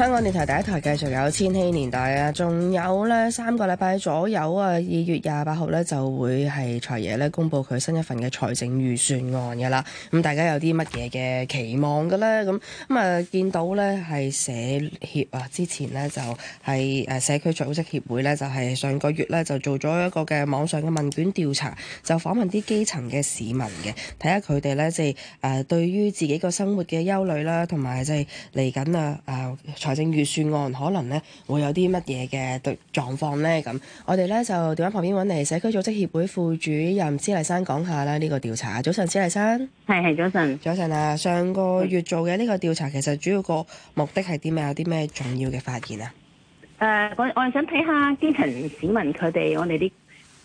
香港電台第一台繼續有千禧年代啊，仲有咧三個禮拜左右啊，二月廿八號咧就會係財爺咧公布佢新一份嘅財政預算案噶啦。咁、嗯、大家有啲乜嘢嘅期望嘅咧？咁咁啊，見到咧係社協啊，之前咧就係誒社區組織協會咧就係、是、上個月咧就做咗一個嘅網上嘅問卷調查，就訪問啲基層嘅市民嘅，睇下佢哋咧即係誒對於自己個生活嘅憂慮啦，同埋即係嚟緊啊啊！呃財政預算案可能咧會有啲乜嘢嘅對狀況咧？咁我哋咧就電話旁邊揾嚟，社區組織協會副主任施麗珊講下啦。呢個調查，早晨，施麗珊。係係早晨，早晨啊。上個月做嘅呢個調查，其實主要個目的係啲咩？有啲咩重要嘅發現啊？誒、呃，我我係想睇下基層市民佢哋，我哋啲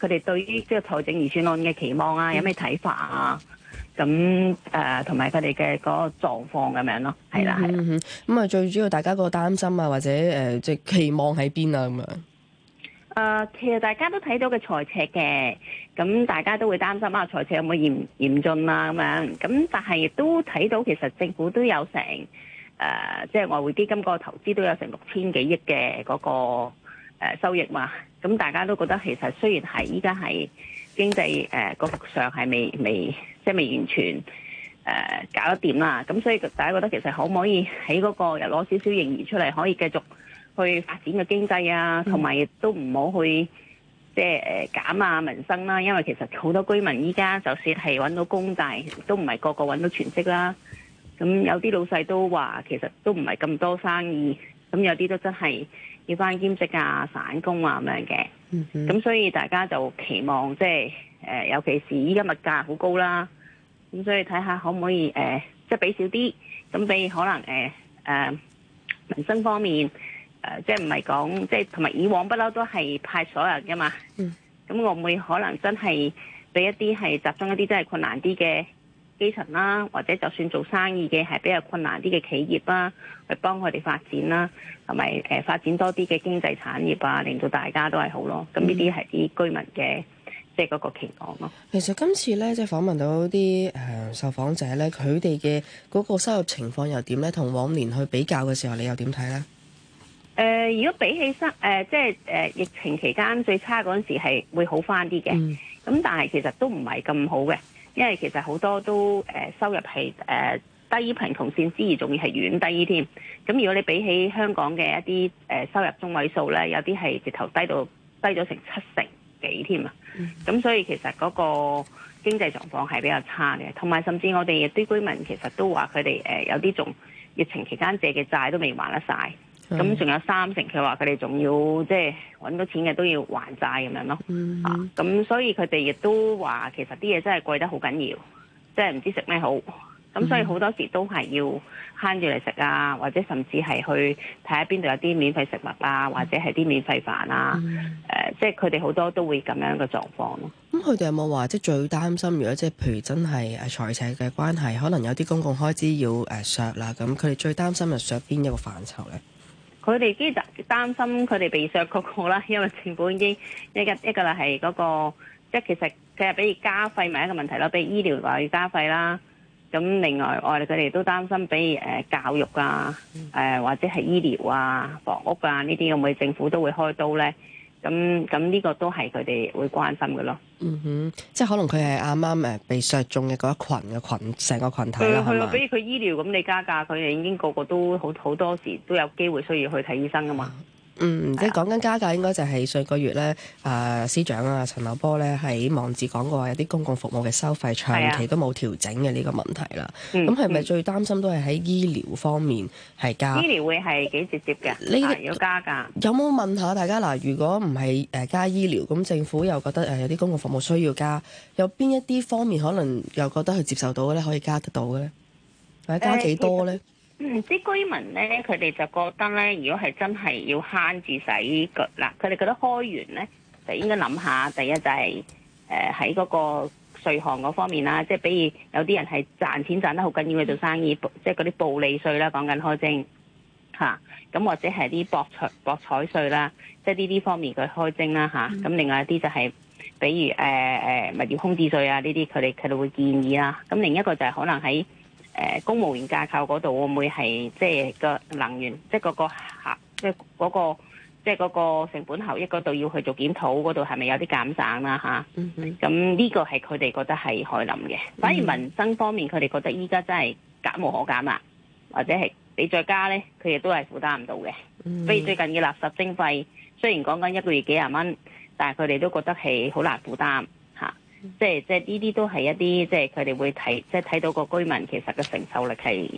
佢哋對於即係財政預算案嘅期望啊，有咩睇法啊？嗯咁誒，同埋佢哋嘅嗰個狀況咁樣咯，係、嗯、啦，係、嗯。咁、嗯、啊，最主要大家個擔心啊，或者誒，即係期望喺邊啊咁樣。誒、呃，其實大家都睇到嘅財赤嘅，咁大家都會擔心啊，財赤有冇嚴嚴峻啦、啊、咁樣。咁但係亦都睇到，其實政府都有成誒、呃，即係外匯基金嗰個投資都有成六千幾億嘅嗰個誒收益嘛。咁大家都覺得其實雖然係依家係。經濟誒幅、呃那個、上係未未即係未完全誒、呃、搞得掂啦，咁所以大家覺得其實可唔可以喺嗰個又攞少少盈餘出嚟，可以繼續去發展個經濟啊，同埋亦都唔好去即係誒減啊民生啦，因為其實好多居民依家就算係揾到工，但係都唔係個個揾到全職啦。咁有啲老細都話其實都唔係咁多生意，咁有啲都真係要返兼職啊、散工啊咁樣嘅。咁、mm hmm. 所以大家就期望即係誒，尤其是依家物價好高啦，咁所以睇下可唔可以誒、呃，即係俾少啲，咁俾可能誒誒、呃呃、民生方面誒、呃，即係唔係講即係同埋以往不嬲都係派所有人嘅嘛，咁、mm hmm. 我唔會可能真係俾一啲係集中一啲真係困難啲嘅。基層啦，或者就算做生意嘅係比較困難啲嘅企業啦，去幫佢哋發展啦，同埋誒發展多啲嘅經濟產業啊，令到大家都係好咯。咁呢啲係啲居民嘅即係嗰個期望咯。其實今次呢，即係訪問到啲誒、呃、受訪者呢，佢哋嘅嗰個收入情況又點呢？同往年去比較嘅時候，你又點睇呢？誒、呃，如果比起生誒，即係誒，疫情期間最差嗰陣時係會好翻啲嘅，咁、嗯、但係其實都唔係咁好嘅。因為其實好多都誒、呃、收入係誒、呃、低於貧窮線之餘，仲要係遠低添。咁如果你比起香港嘅一啲誒、呃、收入中位數咧，有啲係直頭低到低咗成七成幾添啊！咁所以其實嗰個經濟狀況係比較差嘅。同埋甚至我哋啲居民其實都話佢哋誒有啲仲疫情期間借嘅債都未還得晒。咁仲 Yeah. 有三成，佢話佢哋仲要即係揾到錢嘅都要還債咁樣咯、mm hmm. 啊。咁所以佢哋亦都話，其實啲嘢真係貴得好緊要，即係唔知食咩好。咁所以好多時都係要慳住嚟食啊，或者甚至係去睇下邊度有啲免費食物啊，或者係啲免費飯啊。誒、mm hmm. 呃，即係佢哋好多都會咁樣嘅狀況咯。咁佢哋有冇話即係最擔心？如果即係譬如真係誒財赤嘅關係，可能有啲公共開支要誒削啦。咁佢哋最擔心係削邊一個範疇咧？佢哋基就擔心佢哋被削嗰個啦，因為政府已經一一一個啦係嗰個，即係其實佢係比如加費咪一個問題咯，比如醫療話要加費啦，咁另外我哋佢哋都擔心，比如誒教育啊，誒或者係醫療啊、房屋啊呢啲，會唔會政府都會開刀咧？咁咁呢個都係佢哋會關心嘅咯。嗯哼，即係可能佢係啱啱誒被削中嘅嗰一群嘅群，成個羣體啦，係嘛對？吧比如佢醫療咁，你加價，佢哋已經個個都好好多時都有機會需要去睇醫生噶嘛。嗯嗯，即係講緊加價，應該就係上個月咧，誒、呃、司長啊，陳茂波咧喺網誌講過話有啲公共服務嘅收費長期都冇調整嘅呢、啊、個問題啦。咁係咪最擔心都係喺醫療方面係加？醫療會係幾直接嘅？呢你、啊、要加價。有冇問下大家嗱？如果唔係誒加醫療，咁政府又覺得誒有啲公共服務需要加，有邊一啲方面可能又覺得係接受到嘅咧？可以加得到嘅咧？或者加幾多咧？欸欸唔知、嗯、居民咧，佢哋就覺得咧，如果係真係要慳住使嘅嗱，佢哋覺得開源咧就應該諗下，第一就係誒喺嗰個稅項嗰方面啦，即係比如有啲人係賺錢賺得好緊要嘅做生意，嗯、即係嗰啲暴利稅啦，講緊開徵嚇，咁、啊、或者係啲博彩博彩稅啦，即係呢啲方面佢開徵啦嚇。咁、啊嗯、另外一啲就係、是，比如誒誒、呃呃、物業空置稅啊呢啲，佢哋佢哋會建議啦。咁另一個就係可能喺誒、呃、公務員架構嗰度，會唔會係即係個能源，即係嗰、嗰個、啊、即係嗰、嗰個、即係嗰成本效益嗰度，要去做檢討，嗰度係咪有啲減省啦、啊？嚇、啊，咁呢、mm hmm. 個係佢哋覺得係可諗嘅。反而民生方面，佢哋覺得依家真係減無可減啦，或者係你再加呢，佢哋都係負擔唔到嘅。所以、mm hmm. 最近嘅垃圾徵費，雖然講緊一個月幾廿蚊，但係佢哋都覺得係好難負擔。即係即係呢啲都係一啲即係佢哋會睇即係睇到個居民其實嘅承受力係，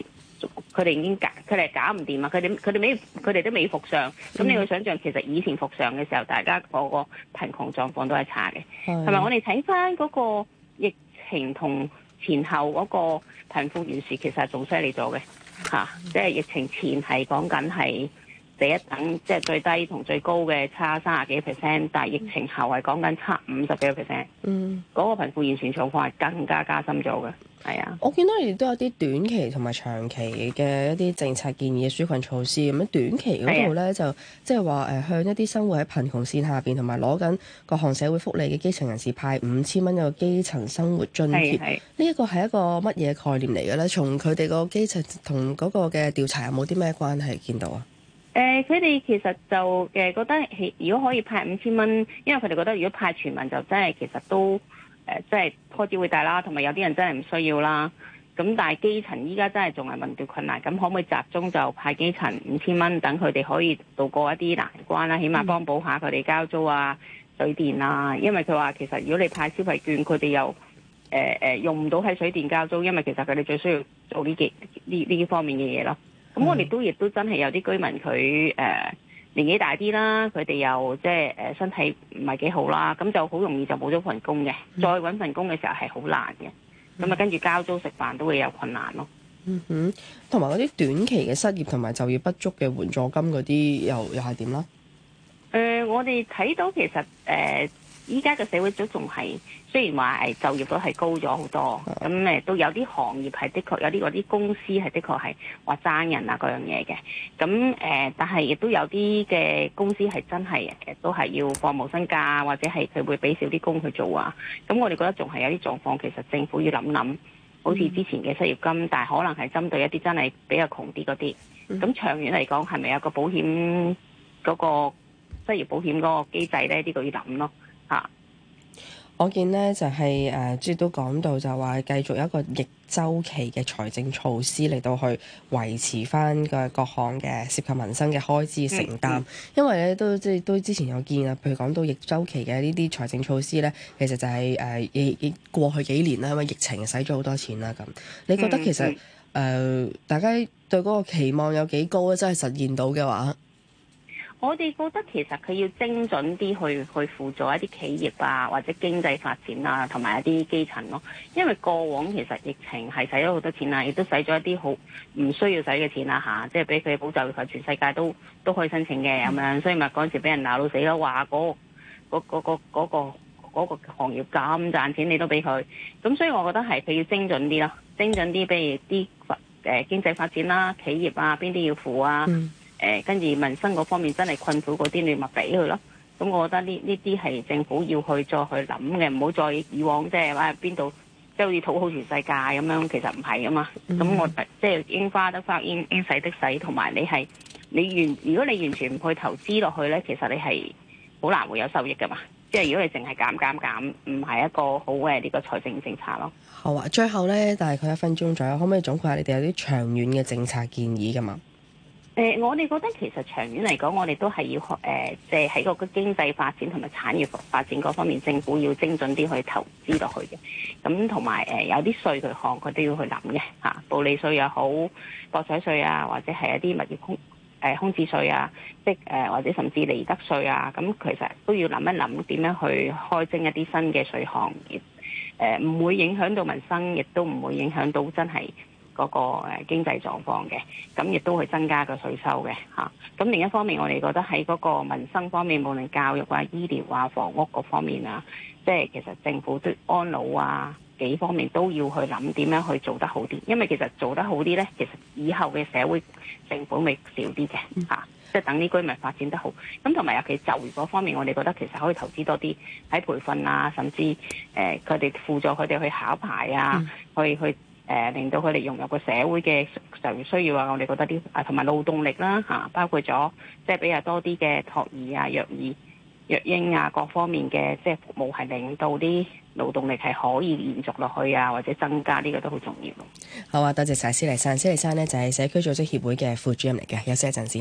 佢哋已經搞佢哋係搞唔掂啊！佢哋佢哋未佢哋都未復上，咁、嗯、你會想像其實以前復上嘅時候，大家個個貧窮狀況都係差嘅，同埋、嗯、我哋睇翻嗰個疫情同前後嗰個貧富懸殊其實係仲犀利咗嘅嚇，即係疫情前係講緊係。第一等即係最低同最高嘅差三十幾 percent，但係疫情後係講緊差五十幾個 percent。嗯，嗰個貧富懸殊狀況係更加加深咗嘅。係啊，我見到你都有啲短期同埋長期嘅一啲政策建議嘅紓困措施咁樣。短期嗰度咧就即係話誒，向一啲生活喺貧窮線下邊同埋攞緊各項社會福利嘅基層人士派五千蚊嘅基層生活津貼。呢的一個係一個乜嘢概念嚟嘅咧？從佢哋個基層同嗰個嘅調查有冇啲咩關係？見到啊？誒佢哋其實就誒覺得，如果可以派五千蚊，因為佢哋覺得如果派全民就真係其實都誒、呃，真係開支會大啦，同埋有啲人真係唔需要啦。咁但係基層依家真係仲係面對困難，咁可唔可以集中就派基層五千蚊，等佢哋可以度過一啲難關啦、啊，起碼幫補下佢哋交租啊、水電啊？因為佢話其實如果你派消費券，佢哋又誒誒、呃、用唔到喺水電交租，因為其實佢哋最需要做呢啲呢呢方面嘅嘢咯。咁我哋都亦都真係有啲居民佢誒、呃、年紀大啲啦，佢哋又即係誒身體唔係幾好啦，咁就好容易就冇咗份工嘅，嗯、再揾份工嘅時候係好難嘅，咁啊跟住交租食飯都會有困難咯。嗯哼，同埋嗰啲短期嘅失業同埋就業不足嘅援助金嗰啲又又係點啦？誒、呃，我哋睇到其實誒。呃依家嘅社會都仲係，雖然話就業都係高咗好多，咁誒都有啲行業係的確有啲啲公司係的確係話爭人啊嗰樣嘢嘅，咁誒、呃、但係亦都有啲嘅公司係真係都係要放無薪假或者係佢會俾少啲工佢做啊，咁我哋覺得仲係有啲狀況，其實政府要諗諗，好似之前嘅失業金，但係可能係針對一啲真係比較窮啲嗰啲，咁長遠嚟講係咪有個保險嗰個失業保險嗰個機制呢？呢、呢個要諗咯。我見咧就係、是、誒，即、呃、係都講到就話繼續有一個逆周期嘅財政措施嚟到去維持翻嘅各項嘅涉及民生嘅開支承擔，嗯嗯、因為咧都即係都之前有見啊，譬如講到逆周期嘅呢啲財政措施咧，其實就係、是、誒、呃、過去幾年咧，因為疫情使咗好多錢啦咁。你覺得其實誒、嗯嗯呃、大家對嗰個期望有幾高咧？真係實現到嘅話？我哋覺得其實佢要精準啲去去輔助一啲企業啊，或者經濟發展啊，同埋一啲基層咯、啊。因為過往其實疫情係使咗好多錢啊，亦都使咗一啲好唔需要使嘅錢啦、啊、吓、啊，即係俾佢補救，全世界都都可以申請嘅咁樣。所以咪嗰陣時俾人鬧到死咯，話嗰、嗰個嗰嗰行業咁賺錢，你都俾佢。咁所以我覺得係佢要精準啲咯、啊，精準啲，比如啲誒經濟發展啦、啊、企業啊，邊啲要付啊。嗯誒，跟住、呃、民生嗰方面真係困苦嗰啲，你咪俾佢咯。咁我覺得呢呢啲係政府要去再去諗嘅，唔好再以往、啊、即係話邊度即係好似討好全世界咁樣，其實唔係噶嘛。咁、嗯、我即係應花得花，應花得花應使的使，同埋你係你完如果你完全唔去投資落去呢，其實你係好難會有收益噶嘛。即係如果你淨係減減減，唔係一個好嘅呢個財政政策咯。好啊，最後呢，大概一分鐘左右，可唔可以總括下你哋有啲長遠嘅政策建議噶嘛？誒、呃，我哋覺得其實長遠嚟講，我哋都係要學誒，即係喺個個經濟發展同埋產業發展嗰方面，政府要精準啲去投資落去嘅。咁同埋誒，有啲稅佢項，佢都要去諗嘅嚇，暴利稅又好，博彩稅啊，或者係一啲物業空誒、呃、空置稅啊，即係、呃、或者甚至利得稅啊，咁、嗯、其實都要諗一諗點樣去開徵一啲新嘅稅項，誒、呃、唔、呃、會影響到民生，亦都唔會影響到真係。嗰個誒經濟狀況嘅，咁亦都會增加個稅收嘅嚇。咁、啊、另一方面，我哋覺得喺嗰個民生方面，無論教育啊、醫療啊、房屋嗰方面啊，即係其實政府對安老啊幾方面都要去諗點樣去做得好啲。因為其實做得好啲呢，其實以後嘅社會政府咪少啲嘅嚇。即係等啲居民發展得好，咁同埋尤其就業嗰方面，我哋覺得其實可以投資多啲喺培訓啊，甚至誒佢哋輔助佢哋去考牌啊，去、嗯、去。去誒、呃、令到佢哋融入個社會嘅就業需要啊，我哋覺得啲啊同埋勞動力啦嚇、啊，包括咗即係比較多啲嘅託兒啊、育兒、育嬰啊各方面嘅即係服務係令到啲勞動力係可以延續落去啊，或者增加呢、這個都好重要。好啊，多謝晒施麗珊，施麗珊呢就係社區組織協會嘅副主任嚟嘅，休息一陣先。